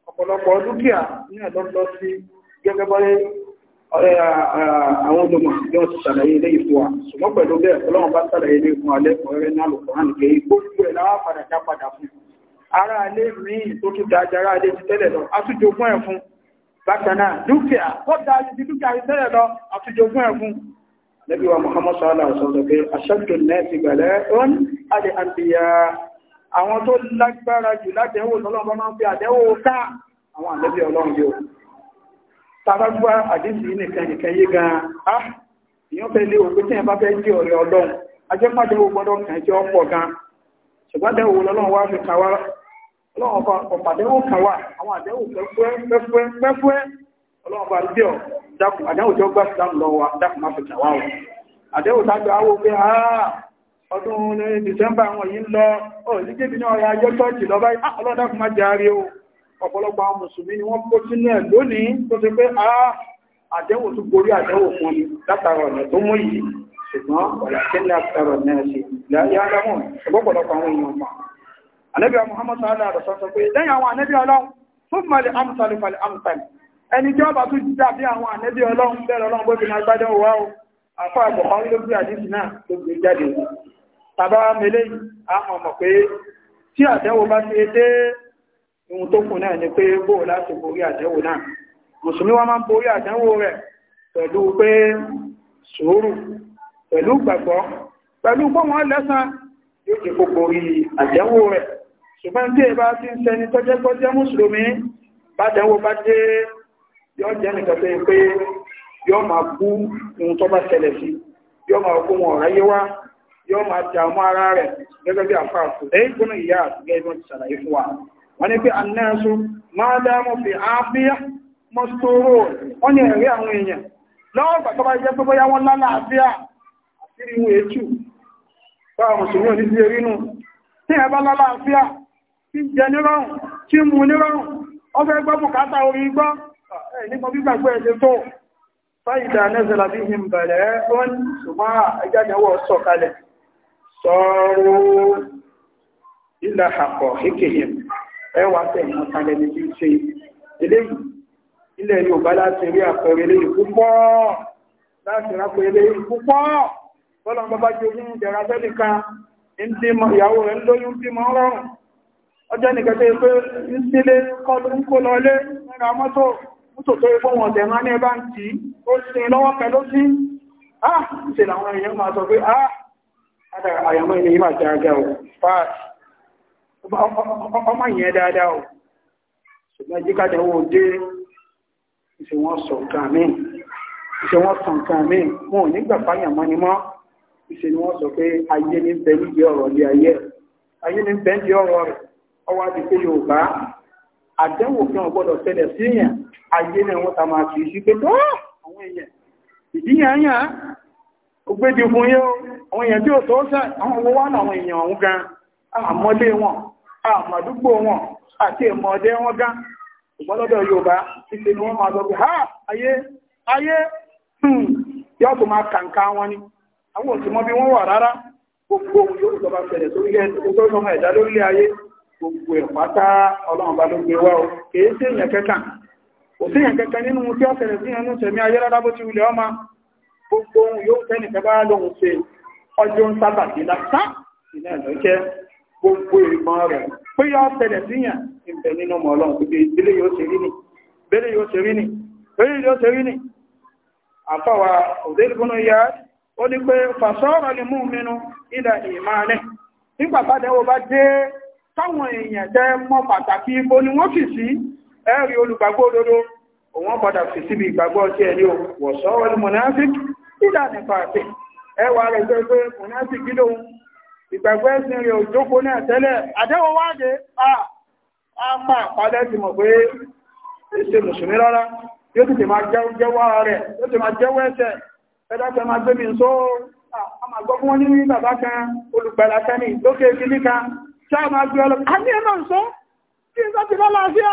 ọ̀pọ̀lọpọ̀ dúkìá ní ẹ̀lọ́lọ́ sí gẹ́gẹ́ bọ́lé àwọn olùmọ̀ yóò ti ṣàlàyé ilé ìfún wa ṣùgbọ́n pẹ̀lú bẹ́ẹ̀ ọlọ́run bá ṣàlàyé ilé ìfún alẹ́ ọ̀rẹ́ náà lùkọ̀ọ́rán nìkẹ́ igbó ìlú ẹ̀ láwá padà já padà fún ara alé míì tó tún dájà ara alé ti tẹ́lẹ̀ lọ atújogún ẹ̀ nabi wa muhammad sallallahu alaihi wasallam pé aṣọ́jù nẹ́ẹ̀sì gbẹ̀lẹ́ ọ́n àti àbíyà àwọn tó lágbára jù látẹ̀wò lọ́lọ́mọ́ máa ń fi àdẹ́wò ká àwọn àlẹ́bí ọlọ́run yóò tàbágbá àdísì nìkan nìkan yé gan ah èèyàn fẹ́ lé òkú tí ẹ bá fẹ́ jí ọ̀rẹ́ ọlọ́run ajẹ́pàdéwò gbọ́dọ̀ kàn jẹ́ ọ̀pọ̀ gan ṣùgbọ́n àdẹ́wò lọ́lọ́run wá fi kàwá ọlọ́run ọ̀pàdẹ́wò kàwá àwọn àdẹ́wò pẹ́fẹ́ pẹ́fẹ́ pẹ́fẹ́ ọlọ́run bá ń bí ọ̀ dákùn àdáwò tí ó gbà sílámù lọ wa dákùn máa fi tàwa o àdéhùn tájọ àwọ pé ha ọdún dìsẹ́mbà wọn yìí ń lọ ọ ní kébì ní ọ̀rẹ́ ajọ́ tọ́ọ̀tì lọ báyìí ah, ọlọ́dàkùn má járe o ọ̀pọ̀lọpọ̀ àwọn ni wọ́n kó sínú ẹ̀ lónìí tó ti pé ha àdéhùn tó gorí àdéhùn fún mi látara ọ̀nà tó mú yìí ṣùgbọ́n ọ̀là tí ní àtàrọ̀ náà ṣe láyá lámọ̀ ṣùgbọ́pọ̀lọpọ̀ àwọn èèyàn mọ̀. ànábì Muhammad sallallahu alaihi wasallam pé lẹ́yìn àwọn ànábì Ọlọ́run fún mọ̀lẹ̀ ẹni tí ó bá tún jíjà bí àwọn ànẹ́bí ọlọ́run bẹ̀rẹ̀ ọlọ́run bó ti máa gbádẹ́ òwá o àfọ́ àgbọ̀pá ló gbé àdísì náà tó gbé jáde tàbá mele àmọ̀ mọ̀ pé tí àdẹ́wò bá ti dé ohun tó kù náà ni pé bó láti borí àdẹ́wò náà mùsùlùmí wa máa ń borí àdẹ́wò rẹ̀ pẹ̀lú pé sùúrù pẹ̀lú gbàgbọ́ pẹ̀lú pọ́ wọn lẹ́sàn yóò jẹ́ kó borí àdẹ́wò rẹ̀ ṣùgbọ́n tí ẹ bá ti ń sẹni tọ́jẹ́ tọ́jẹ́ mùsùlùmí bá dẹ́wò bá dé yóò jẹ́ nìkan tó yẹ pé yóò máa kú ohun tó bá ṣẹlẹ̀ sí yóò máa kó wọn ọ̀ráyé wá yóò máa tẹ àwọn ara rẹ̀ gẹ́gẹ́ bí àfa àfò ìyá àtúgẹ́ ẹgbẹ́ ti ṣàlàyé fún wa wọ́n ní pé máa fi àáfíà mọ́sítóró wọ́n ẹ̀rí àwọn èèyàn tó bá jẹ́ bóyá wọ́n àfíà wọn ètù bá àwọn sí tí ẹ bá àfíà tí jẹ nírọ̀rùn tí mú nírọ̀rùn ọ fẹ́ gbọ́ bùkátà orí Ah, nípa gbígbàgbọ́ ẹ̀ṣẹ̀ tó fáìdà nẹ́sẹ̀lá bí i bẹ̀rẹ̀ ọ́n ṣùgbọ́n ẹjájẹwọ́ sọ̀kalẹ̀ sọ́rọ̀ ìlàhàkọ̀ ìkèyàn ẹwà tẹ̀yìn kalẹ̀ ní bí ṣe eléyìí ilẹ̀ Yorùbá láti rí àpẹẹrẹ eléyìí púpọ̀ láti rápẹ eléyìí púpọ̀ bọ́lá bàbá jẹ́ ojú ìjẹra fẹ́nìka ìyàwó rẹ̀ ń lóyún bí mọ́ rọrùn ọjọ́ nìkẹ́tẹ́ pé ń sílé kọ́ ló ń kó lọ lé nínú amọ́tò nítòtò ipò wọn tẹ̀mọ́ ní ẹbá tí ó sin lọ́wọ́ pẹ̀lú sí ah ṣe làwọn èèyàn máa sọ pé ah adàrà àyàmọ́ ilẹ̀ yìí máa jẹ́ ajá o fast ọmọ ìyẹn dáadáa o ṣùgbọ́n jíkàjá owó dé ìṣe wọ́n sọ nǹkan mí ìṣe wọ́n sọ nǹkan mí wọn ò nígbà fáyàmọ́ ni mọ́ ìṣe ni wọ́n sọ pé ayé ní bẹ́ níbi ọ̀rọ̀ lé ayé ayé ní bẹ́ níbi ọ̀rọ̀ rẹ̀ ọwọ́ àti pé Yorùbá àdẹ́wò kan ò gbọ́dọ̀ ṣẹlẹ̀ síyàn ayé na wọ́n ta máa fi sí pé tó àwọn èèyàn ìdíyànyà ó gbé di fún yóò àwọn èèyàn tí ó tó sẹ́ àwọn owó wà láwọn èèyàn ọ̀hún gan àmọ́lé wọn àmàdúgbò wọn àti ìmọ̀ọ́dé wọn gan ìgbọ́lọ́dọ̀ Yorùbá títí ni wọ́n máa pé ha ayé ayé hmm. ni àwọn bí wọ́n wà rárá gbogbo òsí yẹn kẹ́kẹ́ nínú tí ó tẹ̀rẹ̀ sí ẹnu tẹ̀mí ayé rárá bó ti wulẹ̀ ọmọ gbogbo ohun yóò fẹ́ nìkan bá lóhun ṣe ọjọ́ ń sábà sí lásán ìlẹ̀ ẹ̀lọ́ jẹ́ gbogbo ìmọ̀ rẹ̀ pé yọ tẹ̀rẹ̀ sí yẹn ìbẹ̀ nínú ọmọ ọlọ́run pé bẹ́lẹ̀ yóò ya ó ní pé fàṣọ́rọ̀ ni mú mínú ìdà ìmáàlẹ̀ nígbà bá bá dé táwọn èèyàn jẹ́ mọ́ pàtàkì ibo ni wọ́n fi sí ẹ̀rí olùgbàgbọ́ òdodo òun padà fi síbi ìgbàgbọ́ tí ẹni o wọ̀sọ́ ọlú monastic ìdá nípa àti ẹwà rẹ̀ gbé pé monastic gídò ìgbàgbọ́ ẹ̀sìn rẹ̀ òjókó náà tẹ́lẹ̀ àdéhùn wáde a pa àpálẹ́ ti mọ̀ pé èsè mùsùlùmí rárá yóò tètè máa jẹ́wọ́ rẹ̀ yóò tètè máa jẹ́wọ́ ẹ̀ṣẹ̀ ẹ̀dàfẹ́ máa gbé mi só àmà gbọ́ fún wọn ní ń sọ kí n sá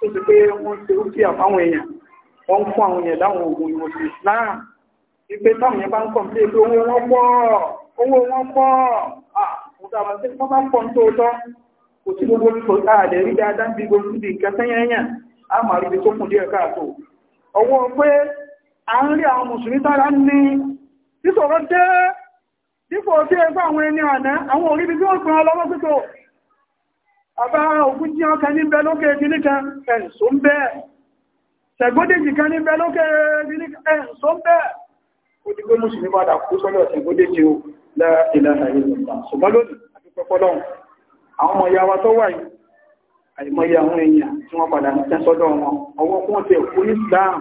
tó ti pé wọ́n ṣe rúkìá fáwọn èèyàn wọ́n ń fún àwọn èèyàn láwọn oògùn ìwòsàn Islam ìpé táwọn èèyàn bá ń kọ̀m̀pé pé owó wọn pọ̀ owó wọn pọ̀ àkùnkàmọ̀ tí wọ́n bá pọ̀ tó tọ́ kò sí gbogbo ní kòtà àdẹ̀ rí dáadáa bí gbogbo ní nǹkan sẹ́yìn ẹ̀yàn a máa rí ibi tó kùn díẹ̀ káàtó ọwọ́ pé à ń rí àwọn mùsùlùmí tára ní sísọ̀rọ̀ dé dípò tí ẹgbẹ́ àwọn ẹni àná àwọn òrí ibi tí ó pin ọlọ́wọ́ pípò àbá ògúnjí ọkà ní bẹ lókè gíníkà ẹ̀sùn bẹ́ẹ̀ ṣẹ̀gbódèjì kan ní bẹ lókè gíníkà ẹ̀sùn bẹ́ẹ̀ ó ti gbé mùsùlùmí padà kú sọ́lọ̀ ṣẹ̀gbódèjì ó láìláà ìlúta ṣùgbọ́n lónìí àti pẹ́pọ́lọ́hùn àwọn ọmọ ìyá wa tó wà yìí àìmọye àwọn èèyàn tí wọ́n padà ń tẹ́ sọ́dọ̀ wọn ọwọ́ kún ti ẹ̀kú ní Islam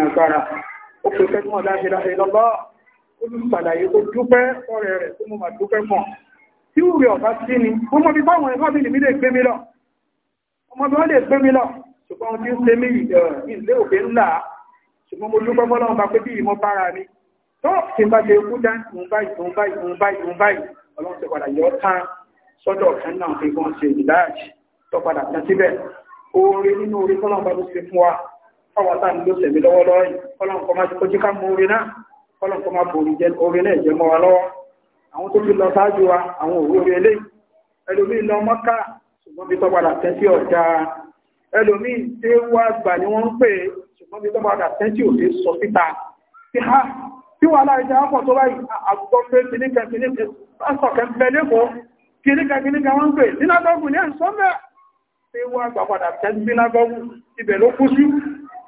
wàláyé ó fi fẹ́ mọ̀ láti láti lọ́gbọ́ ó ní pàdàyé kó dúpẹ́ ọ̀rẹ́ rẹ̀ tó mọ̀ máa dúpẹ́ mọ̀ tí ó rí ọ̀bá sí ni ó mọ̀ bí báwọn ẹ̀fọ́ mi lè gbé mi lọ ọmọ bí wọ́n lè gbé mi lọ ṣùgbọ́n tí ń ṣe mí ilé òfin ńlá ṣùgbọ́n mo dúpẹ́ bọ́lọ́run bá pé bí ìmọ̀ bára mi tó ti bá ṣe kú dá ìtùn báyìí ìtùn báyìí ìtùn báyìí ìtùn báyìí ọlọ́run ti padà yọ tán sọ́dọ̀ ọ̀kan náà fi gbọ́n ṣe ìdáàjì tó padà tán síbẹ̀ oore nínú orí bọ́lọ́run bá ló ṣe fún wa ọwọ́ tá ń ló sẹ̀mí lọ́wọ́lọ́wọ́ yìí kọ́lọ̀ nǹkan máa ti kọjú ká mú orin náà kọ́lọ̀ nǹkan máa borí jẹ orin náà jẹ mọ́ wa lọ́wọ́ àwọn tó fi lọ sáájú wa àwọn òwe orin eléyìí ẹlòmíì lọ mọ́ká ṣùgbọ́n bí tọ́padà tẹ́ sí ọ̀dà ẹlòmíì tí wọ́n gbà ni wọ́n ń pè é ṣùgbọ́n bí tọ́padà tẹ́ sí òde sọ síta tí ha tí wàhálà ìjà ọkọ̀ tó báyìí àgbọ̀ pé kìnníkà kìnníkà sọ̀kẹ́ bẹ lẹ́kọ̀ọ́ kìnníkà wọ́n ń pè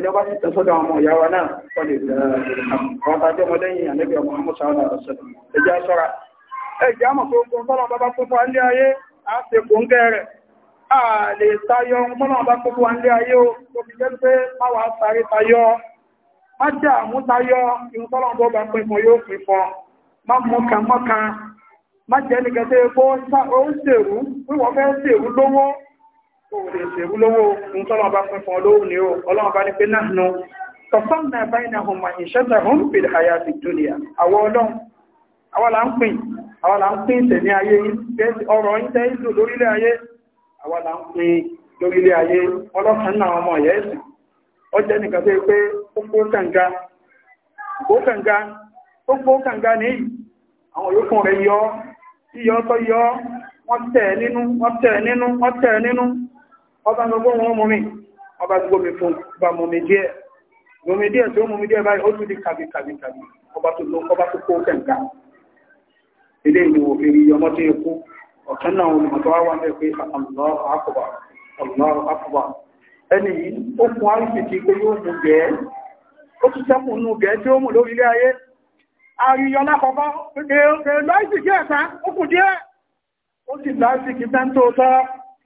ẹni ọba ti tẹ̀sọ́dọ̀ ọmọ ìyàwó náà kọ́ lè àwọn tàbí ọmọ lẹ́yìn ànẹ́bí ọmọ amúṣà ọ̀nà ọ̀sẹ̀dọ̀ ẹjẹ́ aṣọ́ra ẹjẹ́ àmọ̀ tó kún fọ́nà bàbá púpọ̀ alẹ́ ayé a ṣe kún gẹ́rẹ̀ a lè tayọ fọ́nà bàbá púpọ̀ alẹ́ ayé o tó fi jẹ́ pé má wàá sáré tayọ má jẹ́ àmútayọ ìhun fọ́nà bàbá pín fún yóò pín fún má mọ́kànmọ́kàn má jẹ́ nìkan tó yẹ kó ó wíwọ́ fẹ́ ṣèrú lówó òṣèlú lówó ń tọ́lọ́ bá fún fún olóhùn ni ó ọlọ́run bá ní pé náà nù tọ̀fọ́n náà báyìí náà hùmà ìṣẹ́ta hùn fil hayati dunya àwọ ọlọ́run àwa là ń pín àwa là ń pín ìtẹ̀ní ayé ọrọ̀ ìtẹ́ ìlú lórílẹ̀ ayé àwa là ń pín lórílẹ̀ ayé ọlọ́kan náà ọmọ ìyá ẹ̀sìn ó jẹ́ nìkan tó pé kókó kànga kànga ní àwọn yòókù rẹ̀ yọ yíyọ tó yọ wọ́n tẹ̀ nínú wọ́n tẹ̀ nínú wọ́n tẹ̀ nínú ọba gbogbo wọn mú mi ọba gbogbo mi fún ọba mú mi díẹ̀ mú mi díẹ̀ tó mú mi díẹ̀ báyìí ó tún di kàbí kàbí kàbí ọba tó lọ ọba tó kó kẹǹkà ilé ìlúwò èrì ọmọ tó yẹ kú ọ̀kan náà olùmọ̀tọ́ wá wá mẹ́ pé Allahu akbar Allahu akbar ẹni yìí ó fún àríṣì ti pé yóò mú gẹ̀ẹ́ ó tún sẹ́kùn nù gẹ̀ẹ́ tí ó mú lórí ilé ayé àríyọ lákọ̀ọ́kọ́ gẹ̀ẹ́ láìsì kí ẹ̀ta ó kù díẹ̀ ó sì láìsì kí tán tó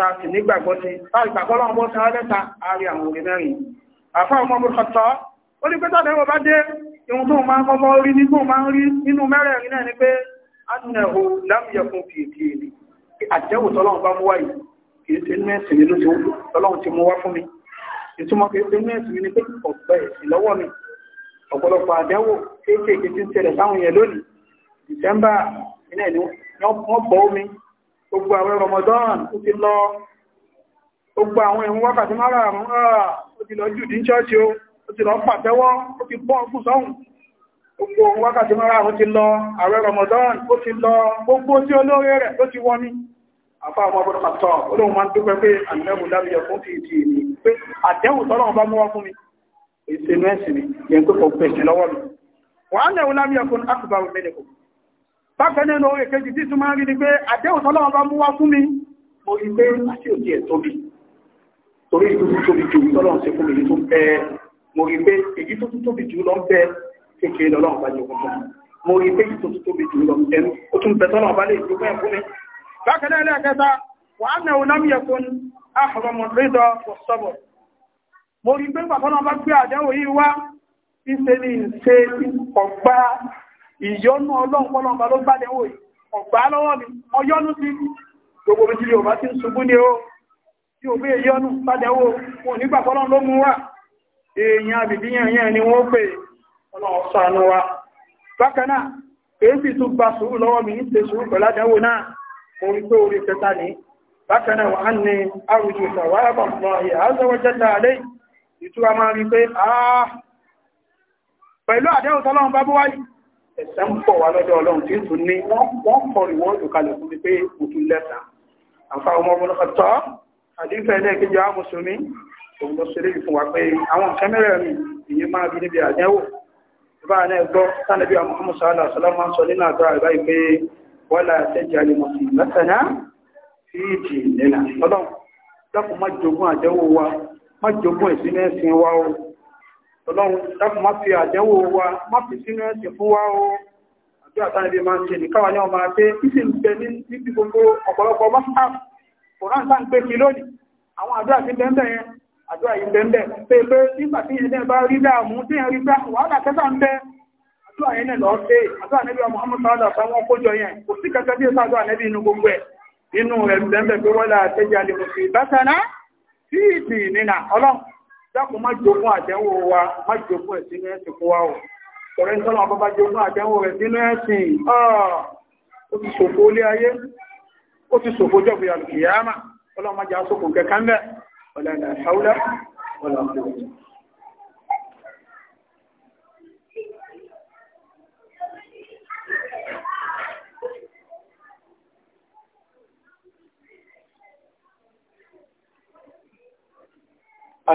tààtì nígbàgbọ́ sí ìgbàgbọ́ lọ́wọ́ bọ́ sára lẹ́ta àárí àwọn orin mẹ́rin àfá ọmọ mọ́kàntọ́ ó ní pẹ́tà lẹ́wọ́ bá dé ihun tó máa kọ́kọ́ rí nínú máa rí nínú mẹ́rẹ̀ẹ̀rin náà ni pé anẹ̀hù lámìyẹkùn kìí ni àjẹ́wò tọ́lọ́run bá mú wáyé kìí ṣe inú ẹ̀sìn ni ló ti wú tọ́lọ́run ti mú wá fún mi ìtumọ̀ kìí ṣe inú ẹ̀sìn ni pé ọ̀pẹ ẹ̀sìn lọ́wọ́ mi ọ̀pọ̀lọpọ̀ àdẹ́wò kéékèèké ti ń ṣẹlẹ̀ sáwọn yẹn lónìí December ilẹ̀ ni wọ́n bọ́ omi gbogbo àwọn Ramadan ó ti lọ gbogbo àwọn ìwọ̀n wákàtí mara àrùn àà ah, ó ti lọ jùdí ń ṣọ́ọ̀ṣì ó o ti lọ pàtẹ́wọ́ ó ti bọ́ ọkùn sọ́hùn gbogbo wákàtí mara àrùn ti lọ ààrẹ Ramadan ó ti lọ gbogbo tí olóore rẹ̀ ló ti wọ́n ní àfá àwọn ọmọdé pàtọ́ olóhun máa ń dúpẹ́ pé àdẹ́wù lábíyẹ fún ti ti ìní pé àdẹ́wù tọ́lọ́run bá mú wá fún mi èsì inú ẹ̀sìn mi yẹn pé kò pèsè lọ́wọ́ mi wàá lẹ́wù lábíyẹ fún akùbà òmìnirò bákanáà ní orí kejì tí súnmọ́ rí ni pé àdéhùn tọ́lọ́wọ́ bá mú wá fún mi mo rí pé àti òjì ẹ̀ tóbi torí ìlú tóbi jù lọ́lọ́run ṣe fún mi tó ń bẹ mo rí pé èyí tó tún tóbi jù lọ ń bẹ kékeré lọ́lọ́run bá jẹ fún mi mo rí pé èyí tó tún tóbi jù lọ ń bẹ ó tún bá lè jó ìyọnú ọlọ́run pọ́lọ́mbà ló gbádẹ wò ọ̀gbá lọ́wọ́ mi ọyọ́nú sí gbogbo bí jílé ọba tí ń ṣubú ní o tí ò bí ìyọnú gbádẹ wò wọn nígbà pọ́lọ́n ló mú wà èèyàn àbìbí yẹn ni wọ́n pè ọlọ́run ṣàánú wa bákan náà èyí sì tún gba sùúrù lọ́wọ́ mi ní ṣe sùúrù pẹ̀lú àdánwò náà mo rí pé orí kẹta ní bákan ẹ̀sẹ̀ ń pọ̀ wá lọ́dọ̀ ọlọ́run tí tún ní wọ́n pọ̀ rìwọ́ọ̀dù kalẹ̀ fún mi pé mo tún lẹ́sà àfa ọmọ ọmọ lọ́kọ̀ tọ́ àdínfẹ́ ẹlẹ́ẹ̀kejì àwọn mùsùlùmí òun lọ ṣeré ìfún wa pé àwọn nǹkan mẹ́rẹ̀ẹ̀rin èyí máa bí níbi àdánwò ìbá náà gbọ́ sánàbí àwọn ọmọ sọ́lá sọ́lámà sọ nínú àdúrà ìbáyì pé wọ́n là tẹ́jà lè mọ̀sí lọ́sẹ̀nà fíìdì nílà ọlọ́run dákun má jogún àdánwò wa má jogún ìsinẹ́sìn wa o ọlọ́run dákùn má fi àjẹ́wò wa má fi sínú ẹ̀sìn fún wa o àbí àtàríbi máa ń ṣe nìkáwà ní ọmọ àti ìsìn bẹ níbi gbogbo ọ̀pọ̀lọpọ̀ mọ́sáàpù koran sáà ń pè kí lónìí àwọn àdúrà sí bẹ́ẹ̀ yẹn àdúrà yìí bẹ́ẹ̀ pé pé nígbà tí ìyẹn bá rí dáàmú tí ìyẹn rí bá wàhálà kẹta ń bẹ àdúrà yẹn lọ pé àdúrà nẹ́bí ọmọ ọmọ sáwọ́dà sáwọn kójọ yẹn kò sí kẹta bí ẹsà àdúrà nẹ́bí inú gbogbo ẹ̀ inú rẹ̀ bẹ́ẹ̀ pé wọ́n là tẹ́jà lè mọ̀ sí ìbátaná dákun má jogún àdánwò wa má jogún ẹ̀ sínú ẹ̀sìn fún wa o ọ̀rẹ́ ń àbábá jogún àdánwò rẹ̀ sínú ẹ̀sìn ah! ó ti ṣòfò ilé ayé ó ti ṣòfò jọ̀bù yàrá kìyàmà ọlọ́mọdé aṣòkùn kẹkẹ́ ń bẹ̀ ọ̀lànà ìṣàwúlẹ̀ ọ̀lànà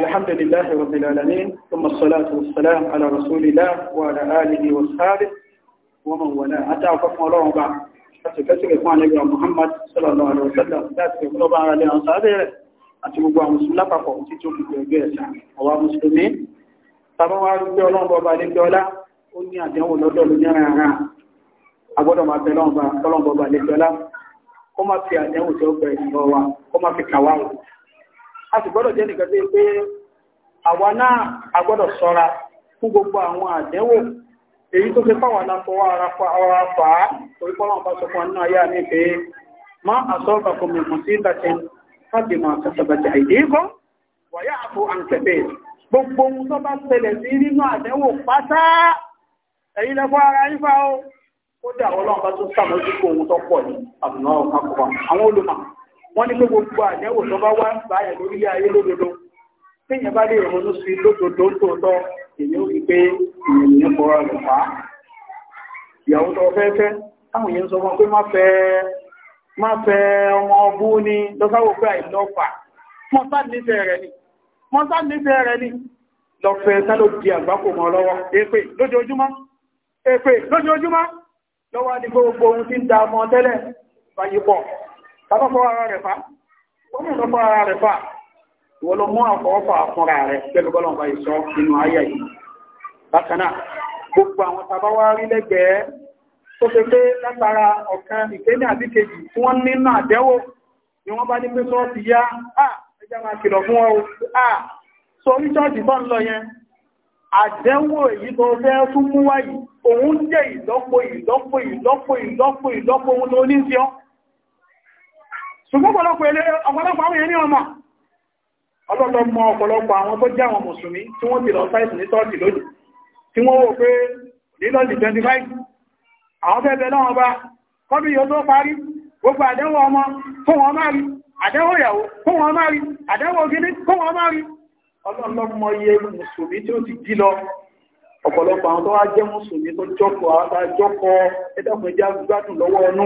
الحمد لله رب العالمين ثم الصلاة والسلام على رسول الله وعلى آله وصحبه ومن والاه أتعفف الله بعد أتكتب إخوان نبي محمد صلى الله عليه وسلم ذاتك قلوبا على أنصابه أتبقوا مسلم لقفوا تتوك بيجيسا هو مسلمين طبعا وعلى الله وبعلى الله أني أدعو لدول نيرانا أقول ما بلون بلون بلون بلون بلون kó má fi àdéhùn tí ó bẹ̀rẹ̀ a sì gbọ́dọ̀ jẹ́ nìkan tó pé àwa náà a gbọ́dọ̀ sọ́ra fún gbogbo àwọn àdẹ́wò èyí tó fi fáwọn aláfọwọ́ ara fà á torí pọ́lọ́n bá sọ fún ọ náà yá ní pé má àsọ́ọ̀bà kò mẹ̀mọ̀ sí ìtàṣẹ fábì máa kẹsàbàjẹ́ àìdíkọ́ wàyà àpò àǹkẹ̀bẹ̀ gbogbo ohun tó bá tẹlẹ̀ sí nínú àdẹ́wò pátá èyí lẹ́fọ́ ara yín fà ó kódà ọlọ́run bá tún sàmójúkò ohun tó pọ̀ ní àbùnà ọ̀pá wọ́n ní pé gbogbo àdẹ́wò tó bá wá báyẹ̀ lórílẹ̀ ayé lódodo tí ìyẹn bá lè ronú sí lódodo tòótọ́ èyí ó rí pé ìyẹn ní kọ́ra rẹ̀ pa ìyàwó tó fẹ́ fẹ́ táwọn èèyàn sọ wọn pé má fẹ́ má fẹ́ ọmọ ọbú ni lọ́sáwò pé àìlọ́fà wọ́n sá nífẹ̀ẹ́ rẹ̀ ni wọ́n sá nífẹ̀ẹ́ rẹ̀ ni lọ́fẹ́ sálò di àgbákò mọ́ lọ́wọ́ èpè lójoojúmọ́ èpè lójoojúmọ́ lọ́wọ́ ni gbogbo ohun tí ń da ọmọ tẹ́lẹ̀ báyìí pọ̀ tàbọ́fọ́ ara rẹ̀ fà wọ́n mú ìdọ́fọ́ ara rẹ̀ fà wọ́n lọ mú àfọwọ́fọ́ àfúnra rẹ̀ pẹ̀lú bọ́lọ̀mbà ìṣọ́ nínú ayé yìí bákanáà gbogbo àwọn tàbáwá rí lẹ́gbẹ̀ẹ́ tó ṣe pé látara ọ̀kan ìkéde àti kejì tí wọ́n nínú àdẹ́wò ni wọ́n bá ní pé sọ́ọ̀tì yá ẹjá máa kìlọ̀ fún ọ so orí ṣọ́ọ̀tì bọ́ ń lọ yẹn àdẹ́wò èyí tó fẹ́ tún mú wáyìí òun jẹ́ ìlọ́pọ̀ ìlọ́pọ̀ ìlọ́pọ̀ ìlọ́pọ̀ ìlọ́pọ̀ òun ló ní sí ọ́ ṣùgbọ́n ọ̀pọ̀lọpọ̀ àwọn èèyàn ní ọmọ ọlọ́lọ́ mọ ọ̀pọ̀lọpọ̀ àwọn tó jẹ́ àwọn mùsùlùmí tí wọ́n ti lọ sáìsì ní tọ́ọ̀tì lónìí tí wọ́n wò pé lílọ́dì 25 àwọn bẹ́ẹ̀bẹ̀ náà bá kọ́bí yóò tó parí gbogbo àdẹ́wọ̀ ọmọ fún wọn máa rí àdẹ́wọ̀ ìyàwó fún wọn máa rí àdẹ́wọ̀ ògidì fún wọn máa rí ọlọ́lọ́mọ iye mùsùlùmí tí ó ti jí lọ ọ̀pọ̀lọpọ̀ àwọn tó wá jẹ́ mùsùlùmí tó jọ́kọ̀ àwọn tó jọ́kọ̀ ẹ̀dọ́kùnrin jẹ́ gbádùn lọ́wọ́ ọnù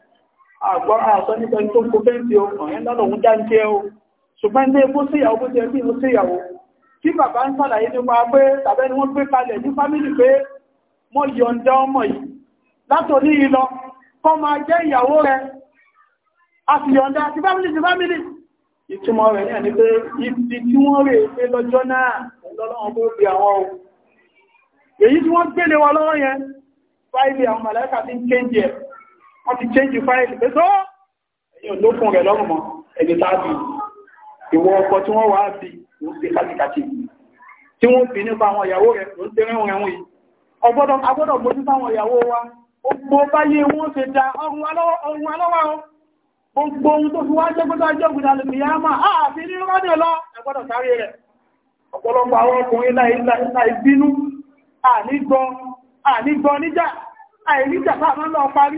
àgbọ́ra àṣọ nípa tó kó fẹ́ǹsì ọkùnrin lọ́nà òun jáńjẹ́ o ṣùgbọ́n ilé ikú síyàwó bó jẹ́ bí ó síyàwó tí bàbá ń sàlàyé nípa pé tàbẹ́ ni wọ́n gbé kalẹ̀ ní fámílì pé mo yọ̀ǹda ọmọ yìí látòní ìlọ kọ́ máa jẹ́ ìyàwó rẹ̀ a sì yọ̀ǹda ti fámílì ti fámílì ìtumọ̀ rẹ̀ ní ẹni pé ibi tí wọ́n rè pé lọ́jọ́ náà lọ́lọ́wọ́n bó bí àwọn ohun èyí tí wọ́n gbélé wa lọ́wọ́ yẹn fáìlì àwọn màlẹ́kà ti ń kéńjì ẹ̀ wọ́n ti change file pé tó ẹ̀yìn ló fún rẹ̀ lọ́rùn mọ́ ẹ̀dẹ̀ tàbí ìwọ ọkọ̀ tí wọ́n wá bí ló ń ṣe kájíkájí tí wọ́n fi nípa àwọn ìyàwó rẹ̀ ló ń ṣe rẹ̀ wọn yìí ọgbọ́dọ̀ agbọ́dọ̀ mójú sáwọn ìyàwó wa gbogbo báyé wọ́n ṣe da ọrùn alọ́wà o gbogbo ohun tó fi wá jẹ́ ah, gbọ́dọ̀ ajọ́ ògùnà lè fìyà máa ààfin ní rọ́dẹ̀ lọ ẹgbọ́dọ̀ sáré rẹ̀ ọ̀pọ̀lọpọ̀ àwọn ọkùnrin láì bínú ànígbọ́ níjà àìríjà sáà máa ń lọ parí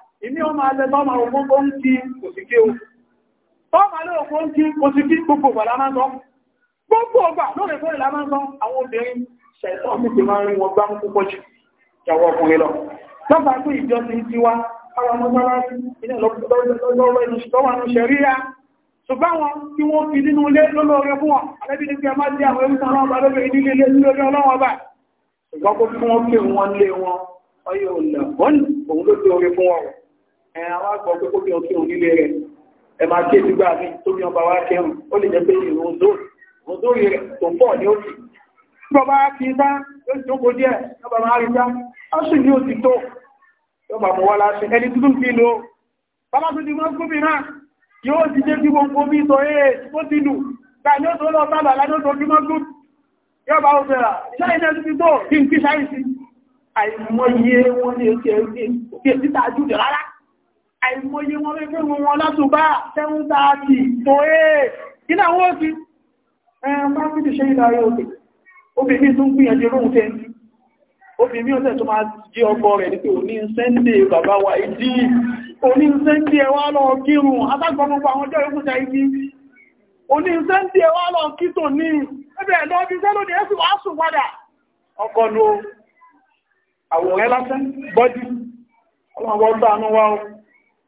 ìmí ọmọ alẹ́ tọ́mà ògbógbó ń kí kò sí kí o tọ́mà alẹ́ ògbó ń kí kò sí kí gbogbo ọgbà lámánsọ́ gbogbo ọgbà lórí fún ìlámánsọ́ àwọn obìnrin ṣẹ̀tọ́ mi ti máa rí wọn gbá mú púpọ̀ jù jàwọ́ ọkùnrin lọ lọ́pàá pé ìjọ ti ti wá àwọn mọ́sálásí ilẹ̀ lọ́wọ́ inú ṣùgbọ́n ṣẹ̀ríyà ṣùgbọ́n wọn tí wọ́n fi nínú ilé lọ́lọ́rẹ́ fún wọn alẹ́bí ní kí a máa jẹ́ àwọn ẹrùsàn àwọn ọba lórí ilé ilé lórí ọlọ́wọ́ bá ṣùgbọ́n kó fún wọn pé wọn lé wọn ọyọ̀ òun ló lórí fún wọn ẹ̀ àwọn àgbọ̀ pé kókè òkè onílé rẹ̀ ẹ̀ máa ké sígbà mí tó bí ọba wá kẹrùn ó lè jẹ́ pé ìrò òzóòrì rẹ̀ tó pọ̀ ní òkè tí ọba kì í bá yóò ti jókòó díẹ̀ ọba máa rí bá ó sì ní òtì tó yóò máa mọ̀ wá láṣẹ ẹni tó tún fi lò ó bàbá tó ti mọ́ gómìnà yóò ti jẹ́ kí gbogbo bí sọ èè tó ti lù gbà ní ó tó lọ sábà ládó ah, tó kí mọ́ gómìnà yóò bá ó fẹ́ra iṣẹ́ ilẹ̀ tó ti tó àìmọye wọn mẹ́fẹ́ wọn wọn látò bá 730 tó ẹ́ iná wọ́n sí ẹ̀mọ́ fi ti ṣe ìdáyé òkè obìnrin tó ń gbìyànjú lóhun tẹ́ obìnrin ọ̀sẹ̀ tó máa jẹ́ ọkọ rẹ̀ ní pé òní sẹ́ndé bàbá wa ìdí òní sẹ́ndé ẹwà lọ kírun atágbọmọgbọ àwọn ọjọ́ ìkúta ìdí òní sẹ́ndé ẹwà lọ kí tò ní ẹbẹ̀ lọ bí sẹ́lódì ẹ̀sùn wá sùn padà ọkọ̀ nu àwòrẹ́ lásán bọ́dí ọlọ́wọ́ gbà ánú wá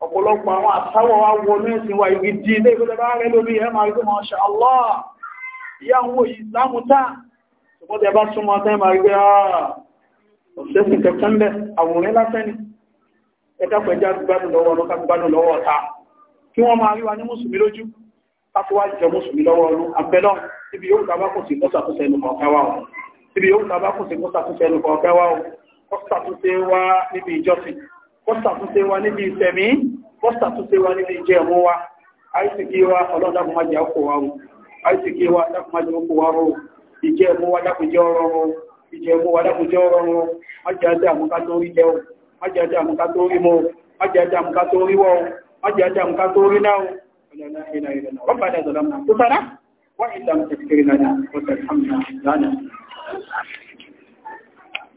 ọ̀pọ̀lọpọ̀ àwọn àtàwọ̀ wa wọnú ẹ̀sìn wa ibi dí ilé ìgbẹ́lẹ̀ bá rẹ̀ lórí ẹ̀mà rí mọ́ ṣe Allah ìyá ń wò ìsìlámù táà ṣùgbọ́n tẹ bá súnmọ́ tẹ́ ma rí pé ah, ọ̀sẹ̀sìn kẹfẹ́ńbẹ̀ àwòrán lásẹ́ni ẹ̀dá pẹ̀já gbádùn lọ́wọ́ ọlọ́ká gbádùn lọ́wọ́ ọ̀tá kí wọ́n máa rí wa ní mùsùlùmí lójú láti wá jẹ mùsùlùmí lọ́wọ́ ọlú àbẹ́lọ́ ibi yóò tàbá kò sí bọ́sà tó ṣe wa nílé jẹ́ ọmọ wa àìsìkí wa ọlọ́dàkùnmájà ọkọ̀ wa o àìsìkí wa dákùnmájà ọkọ̀ wa o ìjẹ́ ọmọ wa dákùnjẹ́ ọrọ̀ o ìjẹ́ ọmọ wa dákùnjẹ́ ọrọ̀ o májàdé àmúká tó rí jẹ́ o májàdé àmúká tó rí mọ́ o májàdé àmúká tó rí wọ́ o májàdé